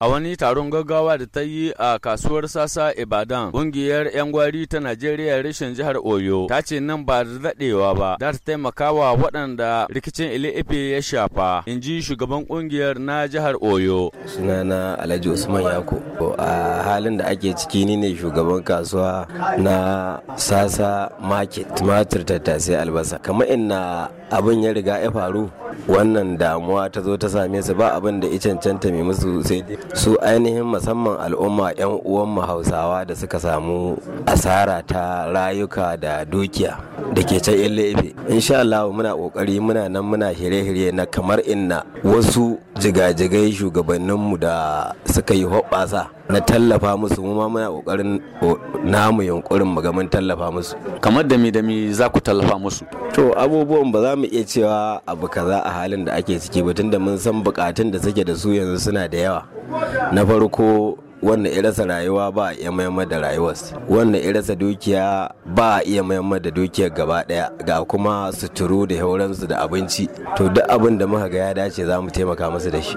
A wani taron gaggawa da ta yi a kasuwar Sasa Ibadan, ƙungiyar 'yan gwari ta Najeriya rashin jihar Oyo ta ce nan ba da daɗewa ba, za ta taimaka wa waɗanda rikicin Ile-Ife ya shafa, in ji shugaban ƙungiyar na jihar Oyo. Suna na Alhaji Usman Yako. A halin da ake ciki ni ne shugaban kasuwa na Sasa Market, tumatir tattasai albasa. Kamar ina abin ya riga ya faru, wannan damuwa ta zo ta same su ba abin da cancanta mai musu sai su ainihin musamman al'umma 'yan uwanmu hausawa da suka samu asara ta rayuka da dukiya da ke can in insha Allah muna kokari muna nan muna hire-hire na kamar inna wasu jigajigai shugabanninmu da suka yi hoɓɓasa na tallafa musu mu ma muna kokarin namu yunkurin mu ga tallafa musu kamar da mi da mi za ku tallafa musu to abubuwan ba za mu iya cewa abu kaza a halin da ake ciki ba tunda mun san bukatun da suke da su yanzu suna da yawa na farko wanda ya rasa rayuwa ba a iya mayamma da rayuwar wanda ya rasa dukiya ba a iya mayamma da dukiyar gaba daya ga kuma suturu da hauransu da abinci to duk abin da muka ga ya dace za mu taimaka masu da shi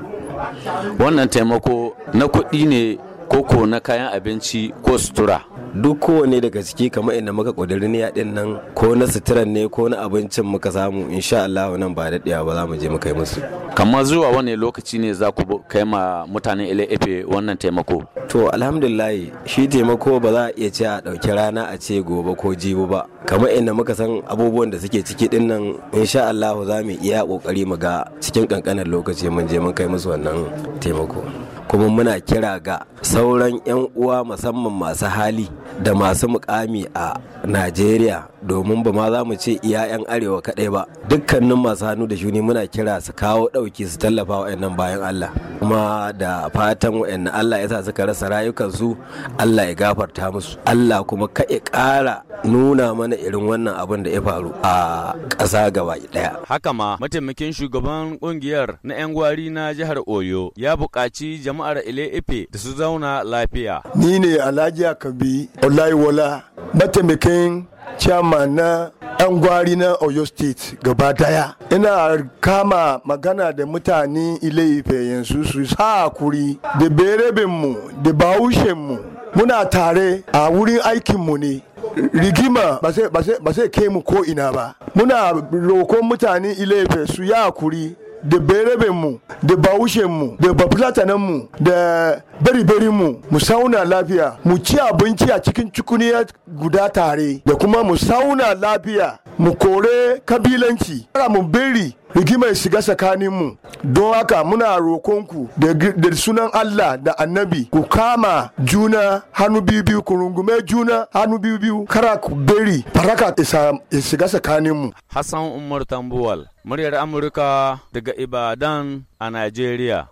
wannan taimako na kuɗi ne koko na kayan abinci ko sutura duk kowane daga ciki kamar inda muka kudiri niyya din nan ko na suturan ne ko na abincin muka samu insha Allah nan ba daɗewa ba za mu je mu kai musu kamar zuwa wani lokaci ne za ku kai ma mutanen Ile-Ife wannan taimako to alhamdulillah shi taimako ba za a iya ce a ɗauki rana a ce gobe ko jibi ba kamar inda muka san abubuwan da suke ciki dinnan nan insha Allah za mu iya kokari mu ga cikin kankanin lokaci mun je mun kai musu wannan taimako kuma muna kira ga sauran 'yan uwa musamman masu hali da masu mukami a najeriya domin ba ma za mu ce iya 'yan arewa kaɗai ba dukkanin masu hannu da shuni muna kira su kawo ɗauki su tallafa 'yan bayan allah kuma da fatan wa'annan allah ya sa suka rasa rayukansu allah ya gafarta musu allah kuma ka ya ƙara nuna mana irin wannan abin da ya faru a ƙasa gaba ɗaya haka ma mataimakin shugaban ƙungiyar na 'yan gwari na jihar oyo ya buƙaci jama'a jama'ar ile ife da su zauna lafiya ni ne alhaji akabi olaiwola mataimakin chairman na yan gwari na oyo state gaba daya ina kama magana da mutane ile ife yanzu su sa hakuri da berebinmu da mu. muna tare a wurin aikinmu ne rigima ba sai ke mu ko ina ba muna rokon mutane ile su yi kuri. da berebenmu da bawushen da bafulatanen da beriberinmu mu sauna lafiya mu ci abinci a cikin cikuniya guda tare da kuma mu sauna lafiya mu kore kabilanci mu biri. rigimar shiga tsakanin mu. don haka muna rokonku da sunan Allah da annabi ku kama juna hannu biyu biyu ku rungume juna hannu biyu biyu kara ku beri faraka ya shiga mu. Hassan Umar Tambuwal muryar Amurka daga Ibadan a Najeriya